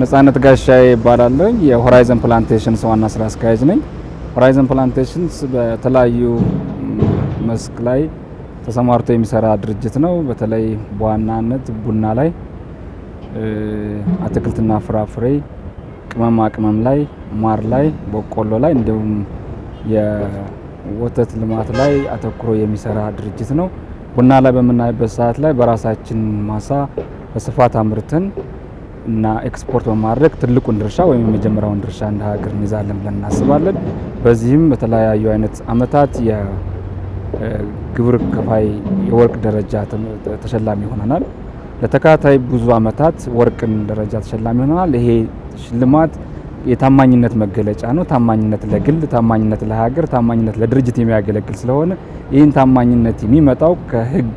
ነጻነት ጋሻ ይባላለሁ። የሆራይዘን ፕላንቴሽንስ ዋና ስራ አስኪያጅ ነኝ። ሆራይዘን ፕላንቴሽንስ በተለያዩ መስክ ላይ ተሰማርቶ የሚሰራ ድርጅት ነው። በተለይ በዋናነት ቡና ላይ፣ አትክልትና ፍራፍሬ፣ ቅመማ ቅመም ላይ፣ ማር ላይ፣ በቆሎ ላይ እንዲሁም የወተት ልማት ላይ አተኩሮ የሚሰራ ድርጅት ነው። ቡና ላይ በምናይበት ሰዓት ላይ በራሳችን ማሳ በስፋት አምርተን እና ኤክስፖርት በማድረግ ትልቁን ድርሻ ወይም የመጀመሪያውን ድርሻ እንደ ሀገር እንይዛለን ብለን እናስባለን። በዚህም በተለያዩ አይነት አመታት የግብር ከፋይ የወርቅ ደረጃ ተሸላሚ ሆነናል። ለተከታታይ ብዙ አመታት ወርቅን ደረጃ ተሸላሚ ሆነናል። ይሄ ሽልማት የታማኝነት መገለጫ ነው። ታማኝነት ለግል፣ ታማኝነት ለሀገር፣ ታማኝነት ለድርጅት የሚያገለግል ስለሆነ ይህን ታማኝነት የሚመጣው ከህግ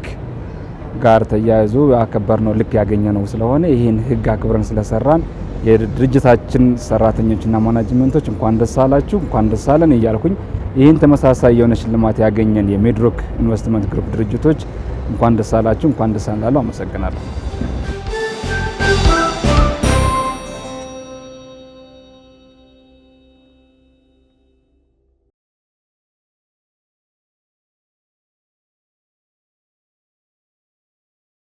ጋር ተያይዞ ያከበርነው ልክ ያገኘ ነው ስለሆነ ይህን ህግ አክብረን ስለሰራን የድርጅታችን ሰራተኞችና ማናጅመንቶች እንኳን ደስ አላችሁ እንኳን ደስ አለን እያልኩኝ ይህን ተመሳሳይ የሆነ ሽልማት ያገኘን የሜድሮክ ኢንቨስትመንት ግሩፕ ድርጅቶች እንኳን ደስ አላችሁ እንኳን ደስ አላሉ። አመሰግናለሁ።